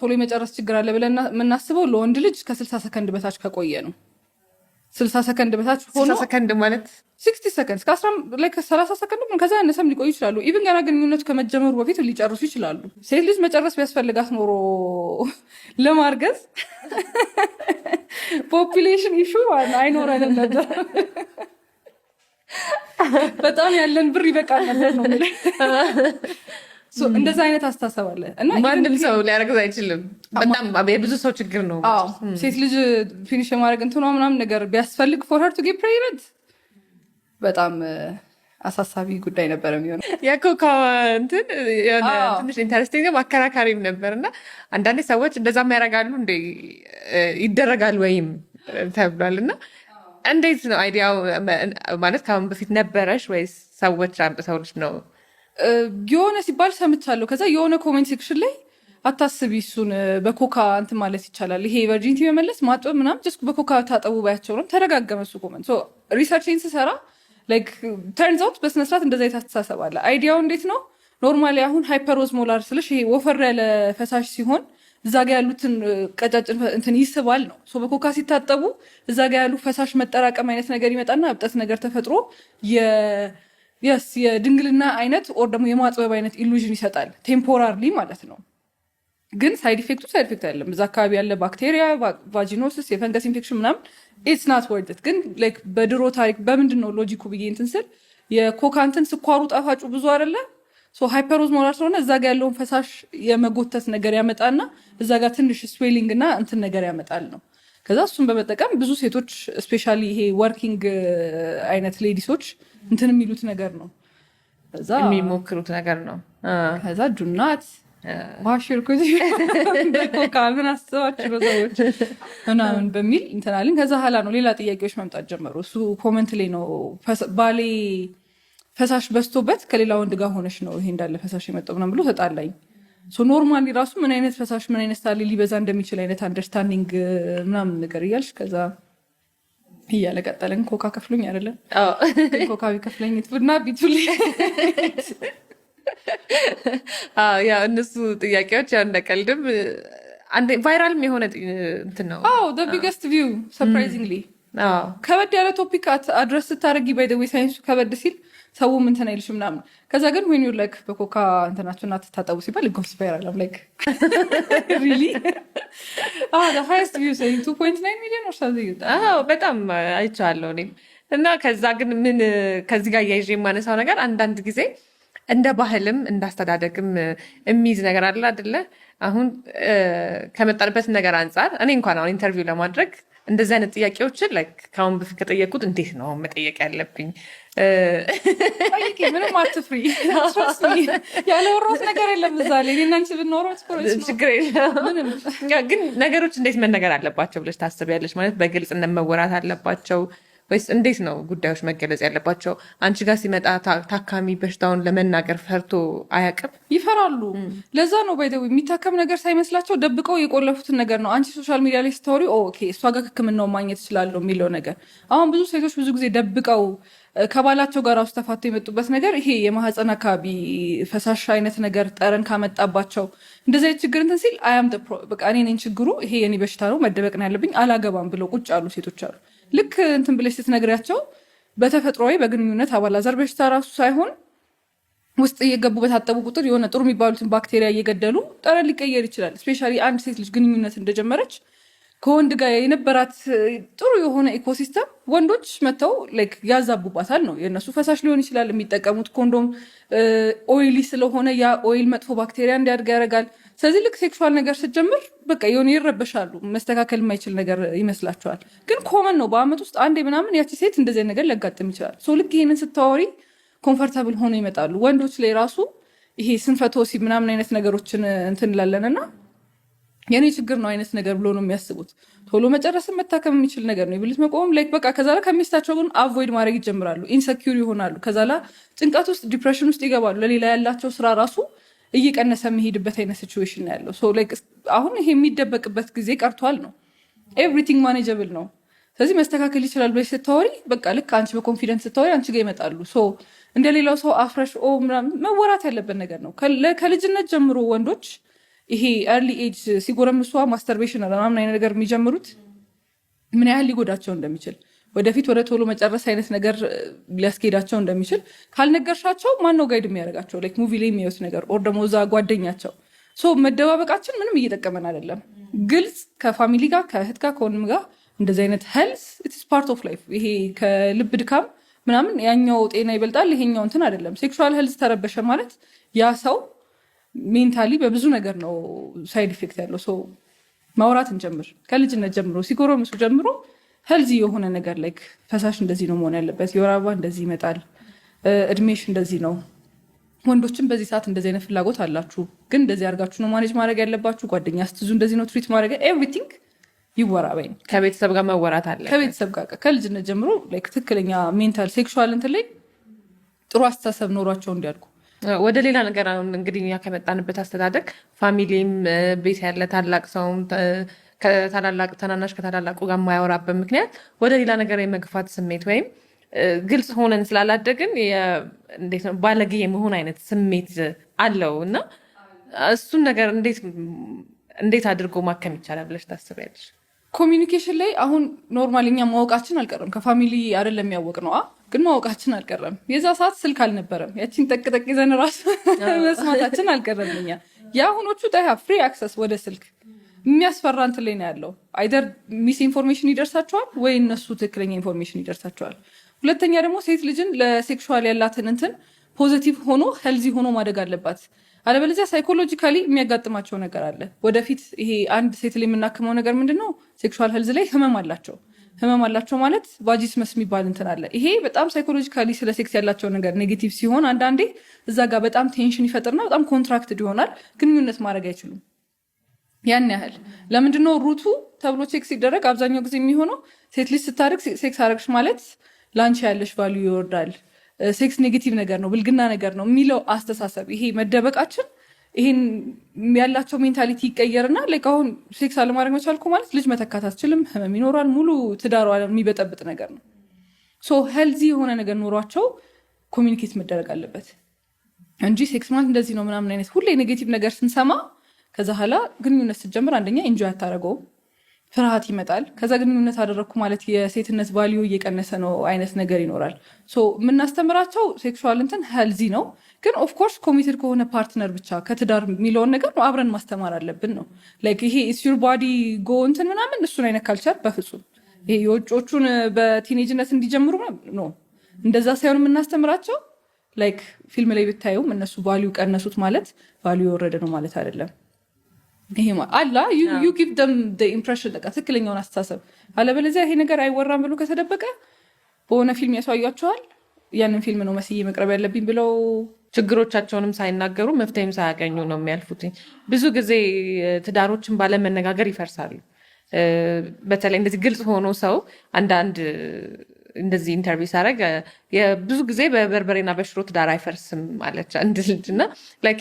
ቶሎ የመጨረስ ችግር አለ ብለን የምናስበው ለወንድ ልጅ ከስልሳ ሰከንድ በታች ከቆየ ነው። ስልሳ ሰከንድ በታች ሆኖ ሰከንድ ማለት ሲክስቲ ሰከንድ ሰላሳ ሰከንድ ከዛ ያነሰም ሊቆዩ ይችላሉ። ኢቭን ገና ግንኙነት ከመጀመሩ በፊት ሊጨርሱ ይችላሉ። ሴት ልጅ መጨረስ ቢያስፈልጋት ኖሮ ለማርገዝ ፖፕሌሽን ኢሹ አይኖረንም ነበር። በጣም ያለን ብር ይበቃል ነው እንደዛ አይነት አስተሳሰብ አለ እና ማንም ሰው ሊያረግዝ አይችልም። በጣም የብዙ ሰው ችግር ነው። ሴት ልጅ ፊኒሽ የማድረግ እንትኗ ምናምን ነገር ቢያስፈልግ ፎር ሀር ቱ ጌት በጣም አሳሳቢ ጉዳይ ነበረ የሚሆነው። ያኮ እንትን ትንሽ ኢንተረስቲንግ አከራካሪም ነበር እና አንዳንዴ ሰዎች እንደዛም ያደርጋሉ እንደ ይደረጋል ወይም ተብሏል እና እንዴት ነው አይዲያው ማለት ከአሁን በፊት ነበረሽ ወይስ ሰዎች አምጥተውልሽ ነው? የሆነ ሲባል ሰምቻለሁ። ከዛ የሆነ ኮሜንት ሴክሽን ላይ አታስቢ እሱን በኮካ እንትን ማለት ይቻላል፣ ይሄ ቨርጂኒቲ መመለስ ማጥበብ ምናምን ጀስት በኮካ ታጠቡ ባያቸው ነው ተረጋገመ። እሱ ኮመንት ሪሰርችን ስሰራ ተርንስ አውት በስነስርዓት እንደዛ የታስተሳሰብ አይዲያው እንዴት ነው? ኖርማሊ አሁን ሃይፐሮዝ ሞላር ስለሽ ይሄ ወፈር ያለ ፈሳሽ ሲሆን እዛ ጋ ያሉትን ቀጫጭን እንትን ይስባል ነው። በኮካ ሲታጠቡ እዛ ጋ ያሉ ፈሳሽ መጠራቀም አይነት ነገር ይመጣና እብጠት ነገር ተፈጥሮ የስ የድንግልና አይነት ኦር ደግሞ የማጥበብ አይነት ኢሉዥን ይሰጣል፣ ቴምፖራርሊ ማለት ነው። ግን ሳይድ ኢፌክቱ ሳይድ ኢፌክት አይደለም። እዛ አካባቢ ያለ ባክቴሪያ፣ ቫጂኖስስ፣ የፈንገስ ኢንፌክሽን ምናምን ኢትስ ናት ወርድት። ግን በድሮ ታሪክ በምንድን ነው ሎጂኩ ብዬ እንትን ስል የኮካንትን ስኳሩ ጣፋጩ ብዙ አይደለ ሃይፐሮዝ ሞላር ስለሆነ እዛ ጋ ያለውን ፈሳሽ የመጎተት ነገር ያመጣና እዛ ጋር ትንሽ ስዌሊንግ እና እንትን ነገር ያመጣል ነው ከዛ እሱን በመጠቀም ብዙ ሴቶች ስፔሻሊ ይሄ ወርኪንግ አይነት ሌዲሶች እንትን የሚሉት ነገር ነው የሚሞክሩት ነገር ነው። ከዛ ዱናት ዋሽርኩት ምን አስባችሁ በሰዎች ምናምን በሚል እንትናልን። ከዛ ኋላ ነው ሌላ ጥያቄዎች መምጣት ጀመሩ። እሱ ኮመንት ላይ ነው ባሌ ፈሳሽ በዝቶበት ከሌላ ወንድ ጋር ሆነች ነው ይሄ እንዳለ ፈሳሽ የመጣው ምናምን ብሎ ተጣላኝ። ኖርማሊ ራሱ ምን አይነት ፈሳሽ ምን አይነት ሳሌ ሊበዛ እንደሚችል አይነት አንደርስታንዲንግ uh, ምናምን ነገር እያልሽ ከዛ እያለ ቀጠለን። ኮካ ከፍሎኝ አይደለም ኮካ ቢከፍለኝ ትብና ቢቱል ያ እነሱ ጥያቄዎች ያው እንደቀልድም uh, ቫይራልም የሆነ እንትን ነው። አዎ ቢገስት ቪው ሰርፕራይዚንግሊ ከበድ ያለ ቶፒክ አድረስ ስታደርጊ ባይ ዘ ሳይንሱ ከበድ ሲል ሰውም እንትን አይልሽ ምናምን። ከዛ ግን ወይኒ ላይክ በኮካ እንትናቸው እና ትታጠቡ ሲባል ጎምስ ይባላል ላይክ ሪሊ ሃይስት ቪው ቱ ፖይንት ናይን ሚሊዮን ወር ሳምቲንግ በጣም አይቼዋለሁ እኔም እና ከዛ ግን ምን ከዚህ ጋር እያይዤ የማነሳው ነገር አንዳንድ ጊዜ እንደ ባህልም እንዳስተዳደግም የሚይዝ ነገር አለ አደለ? አሁን ከመጣንበት ነገር አንጻር እኔ እንኳን አሁን ኢንተርቪው ለማድረግ እንደዚህ አይነት ጥያቄዎችን ከአሁን በፊት ከጠየቁት እንዴት ነው መጠየቅ ያለብኝ? ምንም አትፍሪ፣ ያለወራት ነገር የለም። ምሳሌ ላይ እኔና ችግር የለም። ግን ነገሮች እንዴት መነገር አለባቸው ብለሽ ታስቢያለሽ? ማለት በግልጽ መወራት አለባቸው ወይስ እንዴት ነው ጉዳዮች መገለጽ ያለባቸው? አንቺ ጋር ሲመጣ ታካሚ በሽታውን ለመናገር ፈርቶ አያቅም ይፈራሉ። ለዛ ነው ባይደው የሚታከም ነገር ሳይመስላቸው ደብቀው የቆለፉትን ነገር ነው። አንቺ ሶሻል ሚዲያ ላይ ስታወሪ ኦኬ፣ እሷ ጋር ሕክምናው ማግኘት እችላለሁ የሚለው ነገር አሁን ብዙ ሴቶች ብዙ ጊዜ ደብቀው ከባላቸው ጋር ውስጥ ተፋቶ የመጡበት ነገር ይሄ የማህፀን አካባቢ ፈሳሽ አይነት ነገር ጠረን ካመጣባቸው እንደዚ አይነት ችግር እንትን ሲል አያም በቃ እኔ ነኝ ችግሩ፣ ይሄ የኔ በሽታ ነው፣ መደበቅ ነው ያለብኝ፣ አላገባም ብለው ቁጭ አሉ ሴቶች አሉ። ልክ እንትን ብለሽ ስትነግሪያቸው ወይ በግንኙነት አባላዘር በሽታ ራሱ ሳይሆን ውስጥ እየገቡ በታጠቡ ቁጥር የሆነ ጥሩ የሚባሉትን ባክቴሪያ እየገደሉ ጠረን ሊቀየር ይችላል። እስፔሻሊ አንድ ሴት ልጅ ግንኙነት እንደጀመረች ከወንድ ጋር የነበራት ጥሩ የሆነ ኢኮሲስተም ወንዶች መጥተው ያዛቡባታል ነው። የእነሱ ፈሳሽ ሊሆን ይችላል የሚጠቀሙት ኮንዶም ኦይሊ ስለሆነ ያ ኦይል መጥፎ ባክቴሪያ እንዲያድግ ያደርጋል። ስለዚህ ልክ ሴክሹዋል ነገር ስትጀምር በቃ የሆነ ይረበሻሉ። መስተካከል የማይችል ነገር ይመስላቸዋል። ግን ኮመን ነው። በአመት ውስጥ አንዴ ምናምን ያቺ ሴት እንደዚህ ነገር ሊያጋጥም ይችላል። ልክ ይህንን ስታወሪ ኮንፈርታብል ሆኖ ይመጣሉ። ወንዶች ላይ ራሱ ይሄ ስንፈት ወሲብ ምናምን አይነት ነገሮችን እንትንላለን እና የኔ ችግር ነው አይነት ነገር ብሎ ነው የሚያስቡት። ቶሎ መጨረስን መታከም የሚችል ነገር ነው። የብልት መቆም ላይክ በቃ ከዛ ላ ከሚስታቸው ግን አቮይድ ማድረግ ይጀምራሉ። ኢንሰኪር ይሆናሉ። ከዛ ጭንቀት ውስጥ ዲፕሬሽን ውስጥ ይገባሉ። ለሌላ ያላቸው ስራ ራሱ እየቀነሰ የሚሄድበት አይነት ሲቹዌሽን ያለው አሁን ይሄ የሚደበቅበት ጊዜ ቀርቷል ነው። ኤቭሪቲንግ ማኔጀብል ነው። ስለዚህ መስተካከል ይችላል ብለሽ ስታወሪ በቃ ልክ አንቺ በኮንፊደንስ ስታወሪ አንቺ ጋር ይመጣሉ። እንደ ሌላው ሰው አፍረሽ መወራት ያለበት ነገር ነው። ከልጅነት ጀምሮ ወንዶች ይሄ ኤርሊ ኤጅ ሲጎረምሷ ማስተርቤሽን ምናምን አይነት ነገር የሚጀምሩት ምን ያህል ሊጎዳቸው እንደሚችል ወደፊት ወደ ቶሎ መጨረስ አይነት ነገር ሊያስኬዳቸው እንደሚችል ካልነገርሻቸው ማነው ጋይድ የሚያደርጋቸው? ላይክ ሙቪ ላይ የሚያዩት ነገር ኦር ደግሞ እዛ ጓደኛቸው። ሶ መደባበቃችን ምንም እየጠቀመን አይደለም። ግልጽ ከፋሚሊ ጋር ከእህት ጋር ከወንድም ጋር እንደዚህ አይነት ሄልስ ኢትስ ፓርት ኦፍ ላይፍ። ይሄ ከልብ ድካም ምናምን ያኛው ጤና ይበልጣል ይሄኛው እንትን አይደለም። ሴክሹዋል ሄልስ ተረበሸ ማለት ያ ሰው ሜንታሊ በብዙ ነገር ነው ሳይድ ኢፌክት ያለው። ሰው ማውራት እንጀምር ከልጅነት ጀምሮ ሲጎረምሱ ጀምሮ ህልዚ የሆነ ነገር ላይክ ፈሳሽ እንደዚህ ነው መሆን ያለበት፣ የወር አበባ እንደዚህ ይመጣል፣ እድሜሽ እንደዚህ ነው። ወንዶችም በዚህ ሰዓት እንደዚህ አይነት ፍላጎት አላችሁ፣ ግን እንደዚህ አድርጋችሁ ነው ማኔጅ ማድረግ ያለባችሁ። ጓደኛ ስትዙ እንደዚህ ነው ትሪት ማድረግ ኤቭሪቲንግ ይወራበኝ ከቤተሰብ ጋር መወራት አለ። ከቤተሰብ ጋር ከልጅነት ጀምሮ ትክክለኛ ሜንታል ሴክሹዋል እንትን ላይ ጥሩ አስተሳሰብ ኖሯቸው እንዲያድጉ ወደ ሌላ ነገር አሁን እንግዲህ ከመጣንበት አስተዳደግ ፋሚሊም ቤት ያለ ታላቅ ሰውም ከታላላቅ ተናናሽ ከታላላቁ ጋር የማያወራበት ምክንያት ወደ ሌላ ነገር የመግፋት ስሜት ወይም ግልጽ ሆነን ስላላደግን ነው ባለጌ የመሆን አይነት ስሜት አለው እና እሱን ነገር እንዴት አድርጎ ማከም ይቻላል ብለሽ ታስቢያለሽ? ኮሚኒኬሽን ላይ አሁን ኖርማል እኛ ማወቃችን አልቀረም። ከፋሚሊ አይደለም የሚያወቅ ነው ግን ማወቃችን አልቀረም። የዛ ሰዓት ስልክ አልነበረም። ያችን ጠቅጠቅ ይዘን ራሱ መስማታችን አልቀረም። እኛ የአሁኖቹ ፍሪ አክሰስ ወደ ስልክ የሚያስፈራ እንትን ላይ ነው ያለው። አይደር ሚስ ኢንፎርሜሽን ይደርሳቸዋል ወይ እነሱ ትክክለኛ ኢንፎርሜሽን ይደርሳቸዋል። ሁለተኛ ደግሞ ሴት ልጅን ለሴክሹዋል ያላትን እንትን ፖዘቲቭ ሆኖ ሄልዚ ሆኖ ማደግ አለባት። አለበለዚያ ሳይኮሎጂካሊ የሚያጋጥማቸው ነገር አለ ወደፊት። ይሄ አንድ ሴት ላይ የምናክመው ነገር ምንድን ነው? ሴክሹዋል ሄልዝ ላይ ህመም አላቸው። ህመም አላቸው ማለት ቫጂስመስ የሚባል እንትን አለ። ይሄ በጣም ሳይኮሎጂካሊ ስለ ሴክስ ያላቸው ነገር ኔጌቲቭ ሲሆን፣ አንዳንዴ እዛ ጋር በጣም ቴንሽን ይፈጥርና በጣም ኮንትራክትድ ይሆናል። ግንኙነት ማድረግ አይችሉም። ያን ያህል ለምንድነው ሩቱ ተብሎ ሴክስ ሲደረግ አብዛኛው ጊዜ የሚሆነው ሴት ልጅ ስታደርግ ሴክስ አረግሽ ማለት ላንቺ ያለሽ ቫሉ ይወርዳል፣ ሴክስ ኔጌቲቭ ነገር ነው፣ ብልግና ነገር ነው የሚለው አስተሳሰብ ይሄ መደበቃችን ይሄን ያላቸው ሜንታሊቲ ይቀየርና ላይክ አሁን ሴክስ አለማድረግ መቻልኩ ማለት ልጅ መተካት አትችልም፣ ህመም ይኖራል፣ ሙሉ ትዳሯ የሚበጠብጥ ነገር ነው። ሶ ሄልዚ የሆነ ነገር ኖሯቸው ኮሚኒኬት መደረግ አለበት እንጂ ሴክስ ማለት እንደዚህ ነው ምናምን አይነት ሁሌ ኔጌቲቭ ነገር ስንሰማ ከዛ ኋላ ግንኙነት ስትጀምር አንደኛ ኢንጆይ አታደርገውም፣ ፍርሃት ይመጣል። ከዛ ግንኙነት አደረግኩ ማለት የሴትነት ቫሊዩ እየቀነሰ ነው አይነት ነገር ይኖራል። ሶ የምናስተምራቸው ሴክሹዋል እንትን ሄልዚ ነው፣ ግን ኦፍኮርስ ኮሚትድ ከሆነ ፓርትነር ብቻ ከትዳር የሚለውን ነገር አብረን ማስተማር አለብን ነው ላይክ ይሄ ኢስዩር ባዲ ጎ እንትን ምናምን እሱን አይነት ካልቸር በፍጹም ይሄ የውጮቹን በቲኔጅነት እንዲጀምሩ ነው እንደዛ ሳይሆን የምናስተምራቸው ላይክ ፊልም ላይ ብታዩም እነሱ ቫሊዩ ቀነሱት ማለት ቫሊዩ የወረደ ነው ማለት አይደለም። አላ ዩ ጊቭ ደም ኢምፕሬሽን በቃ ትክክለኛውን አስተሳሰብ። አለበለዚያ ይሄ ነገር አይወራም ብሎ ከተደበቀ በሆነ ፊልም ያሳያቸዋል። ያንን ፊልም ነው መስዬ መቅረብ ያለብኝ ብለው ችግሮቻቸውንም ሳይናገሩ መፍትሄም ሳያገኙ ነው የሚያልፉት። ብዙ ጊዜ ትዳሮችን ባለመነጋገር ይፈርሳሉ። በተለይ እንደዚህ ግልጽ ሆኖ ሰው አንዳንድ እንደዚህ ኢንተርቪው ሳደርግ ብዙ ጊዜ በበርበሬና በሽሮ ትዳር አይፈርስም ማለች አንድ ልጅ እና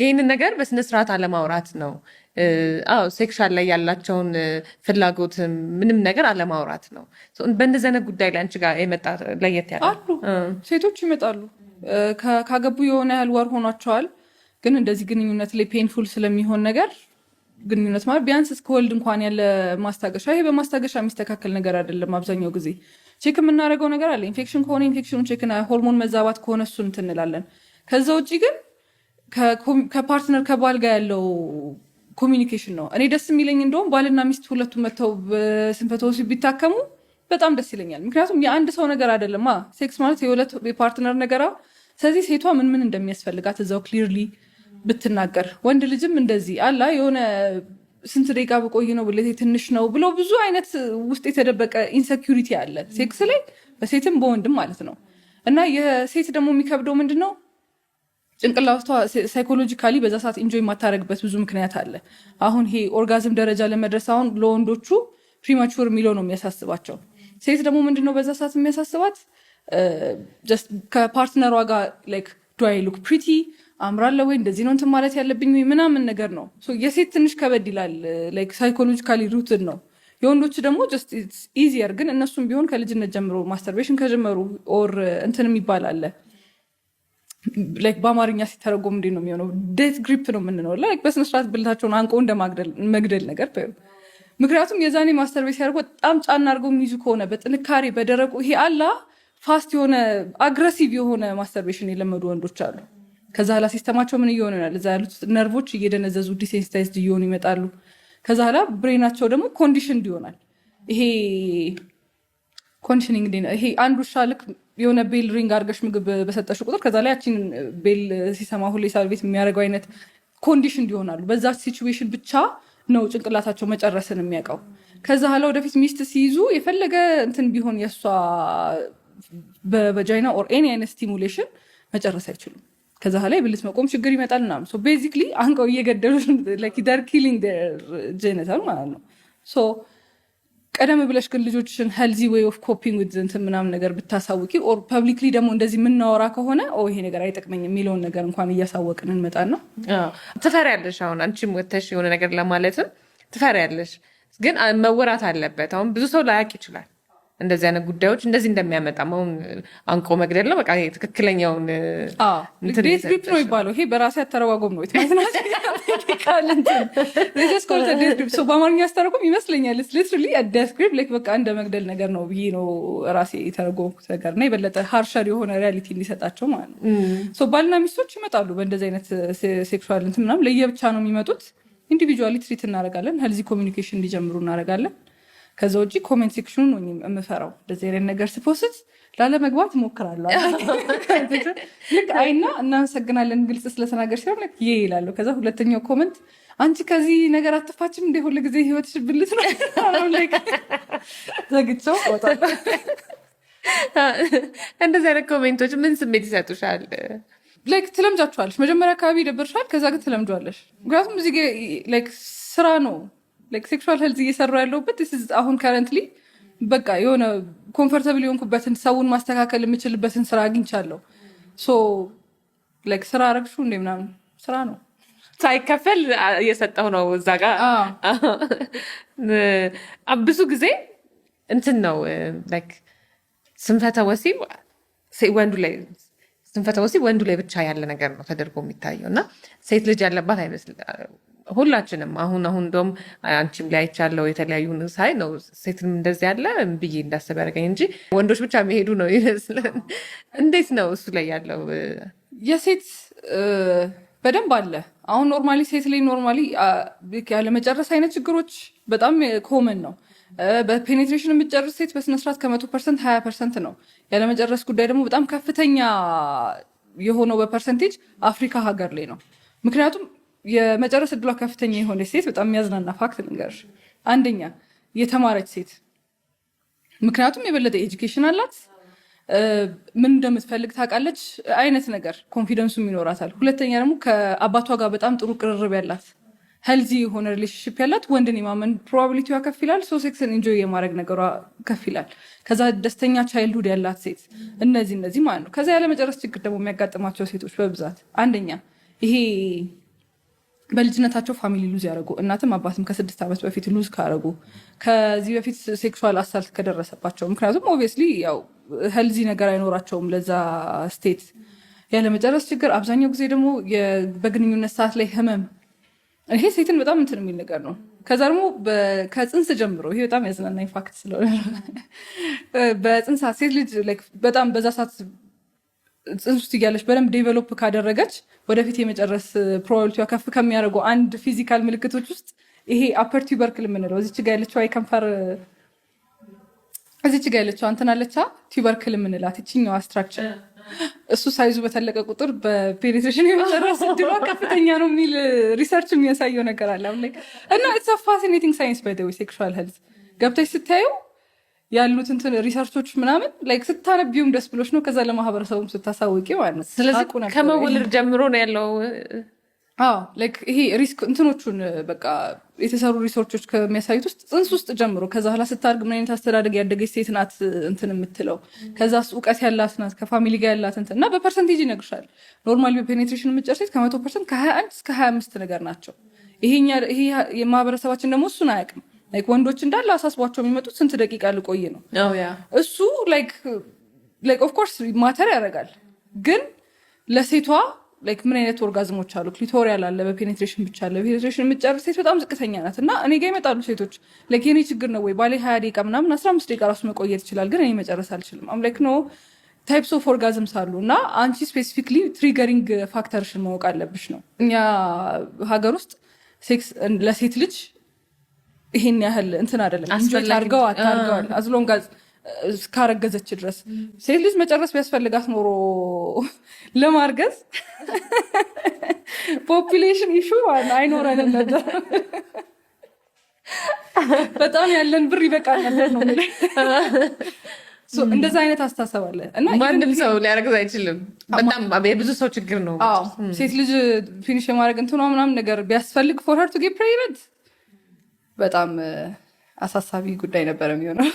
ይህንን ነገር በስነስርዓት አለማውራት ነው አዎ ሴክሻል ላይ ያላቸውን ፍላጎት ምንም ነገር አለማውራት ነው። በእንደዚህ ጉዳይ ላይ አንቺ ጋር የመጣ ለየት ያለ አሉ ሴቶች ይመጣሉ። ካገቡ የሆነ ያህል ወር ሆኗቸዋል፣ ግን እንደዚህ ግንኙነት ላይ ፔንፉል ስለሚሆን ነገር ግንኙነት ማለት ቢያንስ እስከ ወልድ እንኳን ያለ ማስታገሻ፣ ይሄ በማስታገሻ የሚስተካከል ነገር አይደለም። አብዛኛው ጊዜ ቼክ የምናደርገው ነገር አለ። ኢንፌክሽን ከሆነ ኢንፌክሽኑ ቼክ፣ ሆርሞን መዛባት ከሆነ እሱን እንትን እንላለን። ከዛ ውጭ ግን ከፓርትነር ከባል ጋር ያለው ኮሚኒኬሽን ነው። እኔ ደስ የሚለኝ እንደውም ባልና ሚስት ሁለቱ መጥተው በስንፈተ ወሲብ ቢታከሙ በጣም ደስ ይለኛል። ምክንያቱም የአንድ ሰው ነገር አይደለም። ሴክስ ማለት የሁለት የፓርትነር ነገራ። ስለዚህ ሴቷ ምን ምን እንደሚያስፈልጋት እዛው ክሊርሊ ብትናገር፣ ወንድ ልጅም እንደዚህ አላ የሆነ ስንት ደቂቃ በቆይ ነው ብለቴ ትንሽ ነው ብሎ ብዙ አይነት ውስጥ የተደበቀ ኢንሰኪሪቲ አለ ሴክስ ላይ በሴትም በወንድም ማለት ነው። እና የሴት ደግሞ የሚከብደው ምንድን ነው ጭንቅላቷ ሳይኮሎጂካሊ በዛ ሰዓት ኢንጆይ የማታደረግበት ብዙ ምክንያት አለ። አሁን ይሄ ኦርጋዝም ደረጃ ለመድረስ አሁን ለወንዶቹ ፕሪማቹር የሚለው ነው የሚያሳስባቸው። ሴት ደግሞ ምንድነው በዛ ሰዓት የሚያሳስባት ከፓርትነሯ ጋር ላይክ ዱ ሉክ ፕሪቲ አምራለ ወይ እንደዚህ ነው እንትን ማለት ያለብኝ ምናምን ነገር ነው። የሴት ትንሽ ከበድ ይላል። ላይክ ሳይኮሎጂካሊ ሩትን ነው የወንዶች ደግሞ ጀስት ኢዚየር ግን እነሱም ቢሆን ከልጅነት ጀምሮ ማስተርቤሽን ከጀመሩ ኦር እንትንም ይባላል ላይክ በአማርኛ ሲተረጎም እንዴት ነው የሚሆነው? ዴት ግሪፕ ነው የምንለው። ላይክ በስነስርዓት ብልታቸውን አንቆ እንደ መግደል ነገር ምክንያቱም የዛኔ ማስተር ቤት ሲያደርጉ በጣም ጫና አድርገው የሚይዙ ከሆነ በጥንካሬ በደረቁ ይሄ አላ ፋስት የሆነ አግረሲቭ የሆነ ማስተርቤሽን የለመዱ ወንዶች አሉ። ከዛ ኋላ ሲስተማቸው ምን እየሆነ ይሆናል? እዛ ያሉት ነርቮች እየደነዘዙ ዲሴንስታይዝድ እየሆኑ ይመጣሉ። ከዛ ኋላ ብሬናቸው ደግሞ ኮንዲሽን ይሆናል። ይሄ ኮንዲሽኒንግ ይሄ አንዱ ሻልክ የሆነ ቤል ሪንግ አድርገሽ ምግብ በሰጠሽ ቁጥር ከዛ ላይ ያችን ቤል ሲሰማ ሁሌ ሰርቪስ የሚያደርገው አይነት ኮንዲሽን ይሆናሉ። በዛ ሲቹዌሽን ብቻ ነው ጭንቅላታቸው መጨረስን የሚያውቀው። ከዛ ኋላ ወደፊት ሚስት ሲይዙ የፈለገ እንትን ቢሆን የእሷ በቫጃይና ኦር ኤኒ አይነት ስቲሙሌሽን መጨረስ አይችሉም። ከዛ ኋላ የብልት መቆም ችግር ይመጣል ምናምን። ሶ ቤዚክሊ አንቀው እየገደሉ ደር ኪሊንግ ጀነታል ማለት ነው። ቀደም ብለሽ ግን ልጆችን ሄልዚ ዌይ ኦፍ ኮፒንግ ዊዝ እንትን ምናምን ነገር ብታሳውቂ ኦር ፐብሊክሊ ደግሞ እንደዚህ የምናወራ ከሆነ ይሄ ነገር አይጠቅመኝ የሚለውን ነገር እንኳን እያሳወቅን እንመጣን ነው። ትፈሪያለሽ። አሁን አንቺም ወተሽ የሆነ ነገር ለማለትም ትፈሪያለሽ፣ ግን መወራት አለበት። አሁን ብዙ ሰው ላያውቅ ይችላል እንደዚህ አይነት ጉዳዮች እንደዚህ እንደሚያመጣ መሆን አንቆ መግደል ነው። በቃ ትክክለኛውን ዴት ግሩፕ ነው ይባለው። ይሄ በራሴ አተረጓጎም ነው በአማርኛ አስተረጎም ይመስለኛል። ሊትራሊ ዴት ግሩፕ ላይክ በቃ እንደ መግደል ነገር ነው ብዬ ነው ራሴ የተረጎምኩት ነገር እና የበለጠ ሀርሸር የሆነ ሪያሊቲ እንዲሰጣቸው ማለት ነው። ባልና ሚስቶች ይመጣሉ በእንደዚህ አይነት ሴክሹዋል እንትን ምናምን ለየብቻ ነው የሚመጡት። ኢንዲቪጁዋሊ ትሪት እናደርጋለን። ሄልዚ ኮሚኒኬሽን እንዲጀምሩ እናደርጋለን። ከዛ ውጭ ኮሜንት ሴክሽኑ ነው የምፈራው። እንደዚህ አይነት ነገር ስፖስት ላለመግባት እሞክራለሁ። ልክ አይና እናመሰግናለን ግልጽ ስለተናገር ሲሆን ይ ይላሉ። ከዛ ሁለተኛው ኮመንት አንቺ ከዚህ ነገር አትፋችም እንደ ሁሉ ጊዜ ህይወትሽ ብልት ነው ዘግቸው እወጣለሁ። እንደዚህ አይነት ኮሜንቶች ምን ስሜት ይሰጡሻል? ላይክ ትለምጃችኋለሽ። መጀመሪያ አካባቢ ይደበርሻል፣ ከዛ ግን ትለምጇለሽ። ምክንያቱም እዚህ ስራ ነው ሴክሹዋል ሄልዝ እየሰሩ ያለሁበት አሁን ከረንትሊ በቃ የሆነ ኮምፈርተብል የሆንኩበትን ሰውን ማስተካከል የምችልበትን ስራ አግኝቻለሁ። ሶ ላይክ ስራ አረግሹ እንደ ምናምን ስራ ነው ሳይከፈል እየሰጠው ነው። እዛ ጋር ብዙ ጊዜ እንትን ነው ላይክ ስንፈተ ወሲብ ወንዱ ላይ ስንፈተ ወሲብ ወንዱ ላይ ብቻ ያለ ነገር ነው ተደርጎ የሚታየው እና ሴት ልጅ ያለባት አይመስል ሁላችንም አሁን አሁን እንደውም አንቺም ላይ ይቻለው የተለያዩ ሳይ ነው ሴትም እንደዚህ ያለ ብዬ እንዳስብ ያደርገኝ እንጂ ወንዶች ብቻ መሄዱ ነው ይመስለን። እንዴት ነው እሱ ላይ ያለው የሴት በደንብ አለ። አሁን ኖርማሊ ሴት ላይ ኖርማሊ ያለመጨረስ አይነት ችግሮች በጣም ኮመን ነው። በፔኔትሬሽን የምትጨርስ ሴት በስነስርዓት ከመቶ ፐርሰንት ሀያ ፐርሰንት ነው። ያለመጨረስ ጉዳይ ደግሞ በጣም ከፍተኛ የሆነው በፐርሰንቴጅ አፍሪካ ሀገር ላይ ነው። ምክንያቱም የመጨረስ እድሏ ከፍተኛ የሆነች ሴት በጣም የሚያዝናና ፋክት ልንገርሽ። አንደኛ የተማረች ሴት፣ ምክንያቱም የበለጠ ኤጁኬሽን አላት፣ ምን እንደምትፈልግ ታውቃለች አይነት ነገር ኮንፊደንሱም ይኖራታል። ሁለተኛ ደግሞ ከአባቷ ጋር በጣም ጥሩ ቅርርብ ያላት ሄልዚ የሆነ ሪሌሽንሽፕ ያላት ወንድን የማመን ፕሮባቢሊቲዋ ከፍ ይላል። ሶ ሴክስን ኢንጆይ የማድረግ ነገሯ ከፍ ይላል። ከዛ ደስተኛ ቻይልድሁድ ያላት ሴት እነዚህ እነዚህ ማለት ነው። ከዛ ያለመጨረስ ችግር ደግሞ የሚያጋጥማቸው ሴቶች በብዛት አንደኛ ይሄ በልጅነታቸው ፋሚሊ ሉዝ ያደረጉ እናትም አባትም ከስድስት ዓመት በፊት ሉዝ ካደረጉ ከዚህ በፊት ሴክሱዋል አሳልት ከደረሰባቸው ምክንያቱም ኦብቪየስሊ ያው ሄልዚ ነገር አይኖራቸውም ለዛ ስቴት ያለመጨረስ ችግር፣ አብዛኛው ጊዜ ደግሞ በግንኙነት ሰዓት ላይ ህመም፣ ይሄ ሴትን በጣም እንትን የሚል ነገር ነው። ከዛ ደግሞ ከፅንስ ጀምሮ ይሄ በጣም ያዝናና ፋክት ስለሆነ በፅንስ ሴት ልጅ በጣም በዛ ሰዓት ጽንሱ እያለች በደንብ ዴቨሎፕ ካደረገች ወደፊት የመጨረስ ፕሮባቢሊቲዋ ከፍ ከሚያደርጉ አንድ ፊዚካል ምልክቶች ውስጥ ይሄ አፐር ቲዩበርክል የምንለው እዚች ጋ ያለችው ከንፈር እዚች ጋ ያለችው አንትናለቻ ቲበርክል የምንላት ይችኛዋ ስትራክቸር እሱ ሳይዙ በተለቀ ቁጥር በፔኔትሬሽን የመጨረስ እድሏ ከፍተኛ ነው የሚል ሪሰርች የሚያሳየው ነገር አለ እና ኢትስ ፋሲኔቲንግ ሳይንስ ባይ ዘ ዌይ ሴክሹዋል ሄልዝ ገብተች ስታዩ ያሉት እንትን ሪሰርቾች ምናምን ላይክ ስታነቢውም ደስ ብሎች ነው። ከዛ ለማህበረሰቡም ስታሳውቂ ማለት ነው። ስለዚህ ከመውልድ ጀምሮ ነው ያለው። ላይክ ይሄ ሪስክ እንትኖቹን በቃ የተሰሩ ሪሰርቾች ከሚያሳዩት ውስጥ ፅንስ ውስጥ ጀምሮ ከዛ ኋላ ስታርግ ምን አይነት አስተዳደግ ያደገች ሴት ናት እንትን የምትለው ከዛ እውቀት ያላት ናት ከፋሚሊ ጋር ያላት እንትን እና በፐርሰንቴጅ ይነግርሻል። ኖርማል በፔኔትሬሽን የምጨር ሴት ከመቶ ፐርሰንት ከሀያ አንድ እስከ ሀያ አምስት ነገር ናቸው። ይሄ ማህበረሰባችን ደግሞ እሱን አያውቅም። ላይክ ወንዶች እንዳለ አሳስቧቸው የሚመጡት ስንት ደቂቃ ልቆይ ነው። oh, እሱ ላይክ ላይክ ኦፍኮርስ ማተር ያደርጋል፣ ግን ለሴቷ ላይክ ምን አይነት ኦርጋዝሞች አሉ? ክሊቶሪያል አለ፣ በፔኔትሬሽን ብቻ አለ። በፔኔትሬሽን የምትጨርስ ሴት በጣም ዝቅተኛ ናት እና እኔ ጋ ይመጣሉ ሴቶች ላይክ የኔ ችግር ነው ወይ ባሌ ሀያ ደቂቃ ምናምን አስራ አምስት ደቂቃ ራሱ መቆየት ይችላል፣ ግን እኔ መጨረስ አልችልም። አም ላይክ ኖ ታይፕስ ኦፍ ኦርጋዝም ሳሉ እና አንቺ ስፔሲፊክሊ ትሪገሪንግ ፋክተርሽን ማወቅ አለብሽ ነው። እኛ ሀገር ውስጥ ሴክስ ለሴት ልጅ ይሄን ያህል እንትን አይደለም። አርገው አታርገዋል አዝሎን ጋዝ እስካረገዘች ድረስ ሴት ልጅ መጨረስ ቢያስፈልጋት ኖሮ ለማርገዝ ፖፕሌሽን ኢሹ አይኖረንም ነበር። በጣም ያለን ብር ይበቃናል። እንደዛ አይነት አስተሳሰብ አለ እና ማንም ሰው ሊያረግዝ አይችልም። በጣም የብዙ ሰው ችግር ነው። ሴት ልጅ ፊኒሽ የማድረግ እንትኗ ምናምን ነገር ቢያስፈልግ ፎር ሄር ቱ ጌት ፕሬግናንት በጣም አሳሳቢ ጉዳይ ነበረ የሚሆነው።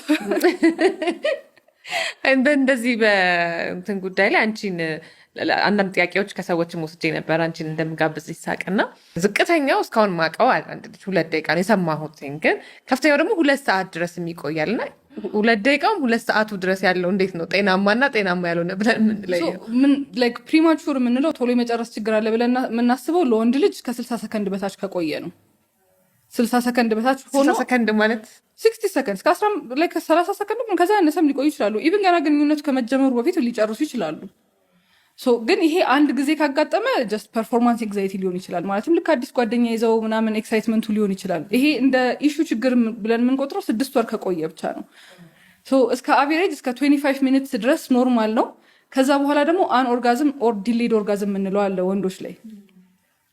እንደዚህ በእንትን ጉዳይ ላይ አንቺን አንዳንድ ጥያቄዎች ከሰዎችም ወስጄ ነበር አንቺን እንደምጋብዝ ይሳቅና ዝቅተኛው እስካሁን ማቀው አንድ ልጅ ሁለት ደቂቃ ነው የሰማሁት፣ ግን ከፍተኛው ደግሞ ሁለት ሰዓት ድረስ ና ሁለት ደቂቃውም ሁለት ሰዓቱ ድረስ ያለው እንዴት ነው ጤናማና ጤናማ ያልሆነ ብለን የምንለየው? ፕሪማቹር የምንለው ቶሎ የመጨረስ ችግር አለ ብለን የምናስበው ለወንድ ልጅ ከስልሳ ሰከንድ በታች ከቆየ ነው። ስልሳ ሰከንድ በታች ሆኖ ሰከንድ ማለት ሲክስቲ ሰከንድ ከሰላሳ ሰከንድ ከዛ ያነሰም ሊቆዩ ይችላሉ። ኢቭን ገና ግንኙነቱ ከመጀመሩ በፊት ሊጨርሱ ይችላሉ። ግን ይሄ አንድ ጊዜ ካጋጠመ ጀስት ፐርፎርማንስ ኤግዛይቲ ሊሆን ይችላል። ማለትም ልክ አዲስ ጓደኛ ይዘው ምናምን ኤክሳይትመንቱ ሊሆን ይችላል። ይሄ እንደ ኢሹ ችግር ብለን የምንቆጥረው ስድስት ወር ከቆየ ብቻ ነው። እስከ አቬሬጅ እስከ ትዌንቲ ሚኒትስ ድረስ ኖርማል ነው። ከዛ በኋላ ደግሞ አን ኦርጋዝም ኦር ዲሌድ ኦርጋዝም የምንለው አለ ወንዶች ላይ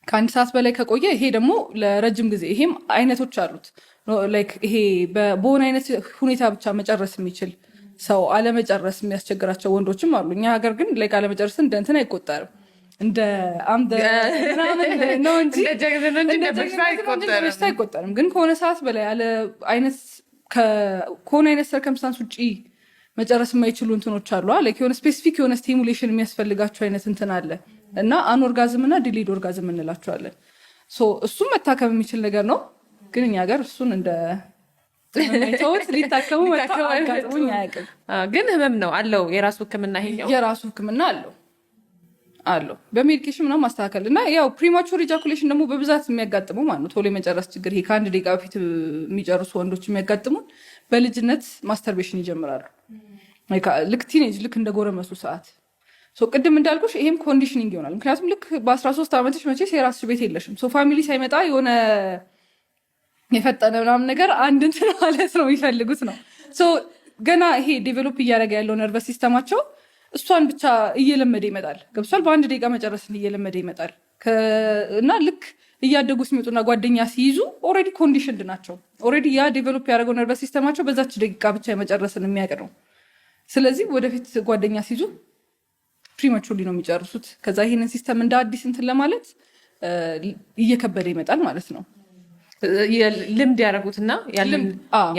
ከአንድ ሰዓት በላይ ከቆየ ይሄ ደግሞ ለረጅም ጊዜ ይሄም አይነቶች አሉት። ይሄ በሆነ አይነት ሁኔታ ብቻ መጨረስ የሚችል ሰው አለመጨረስ የሚያስቸግራቸው ወንዶችም አሉ። እኛ ሀገር ግን ላይክ አለመጨረስ እንደ እንትን አይቆጠርም እንደ አምደ ነው እንጂ አይቆጠርም። ግን ከሆነ ሰዓት በላይ ከሆነ አይነት ሰርከምስታንስ ውጭ መጨረስ የማይችሉ እንትኖች አሉ። ላይክ የሆነ ስፔሲፊክ የሆነ ስቲሙሌሽን የሚያስፈልጋቸው አይነት እንትን አለ እና አኖርጋዝም እና ዲሊድ ኦርጋዝም እንላቸዋለን። እሱም መታከም የሚችል ነገር ነው፣ ግን እኛ ሀገር እሱን እንደ ሰዎች ሊታከሙ ግን ህመም ነው አለው የራሱ ህክምና ይሄኛው የራሱ ህክምና አለው አለው በሜዲኬሽን ምናምን ማስተካከል እና ያው ፕሪማቹር ኢጃኩሌሽን ደግሞ በብዛት የሚያጋጥሙ ማለት ነው ቶሎ የመጨረስ ችግር። ይሄ ከአንድ ደቂቃ በፊት የሚጨርሱ ወንዶች የሚያጋጥሙን በልጅነት ማስተርቤሽን ይጀምራሉ ልክ ቲኔጅ ልክ እንደጎረመሱ ሰዓት ቅድም እንዳልኩሽ ይሄም ኮንዲሽኒንግ ይሆናል። ምክንያቱም ልክ በ13 ዓመትሽ መቼ የራስሽ ቤት የለሽም። ሶ ፋሚሊ ሳይመጣ የሆነ የፈጠነ ምናምን ነገር አንድ እንትን ማለት ነው የሚፈልጉት ነው። ሶ ገና ይሄ ዴቨሎፕ እያደረገ ያለው ነርቨስ ሲስተማቸው እሷን ብቻ እየለመደ ይመጣል። ገብቷል። በአንድ ደቂቃ መጨረስን እየለመደ ይመጣል እና ልክ እያደጉ ሲመጡና ጓደኛ ሲይዙ ኦልሬዲ ኮንዲሽንድ ናቸው። ኦልሬዲ ያ ዴቨሎፕ ያደረገው ነርቨስ ሲስተማቸው በዛች ደቂቃ ብቻ የመጨረስን የሚያውቅ ነው። ስለዚህ ወደፊት ጓደኛ ሲይዙ ፕሪማቹሪ ነው የሚጨርሱት። ከዛ ይሄንን ሲስተም እንደ አዲስ እንትን ለማለት እየከበደ ይመጣል ማለት ነው። ልምድ ያደረጉትና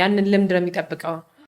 ያንን ልምድ ነው የሚጠብቀው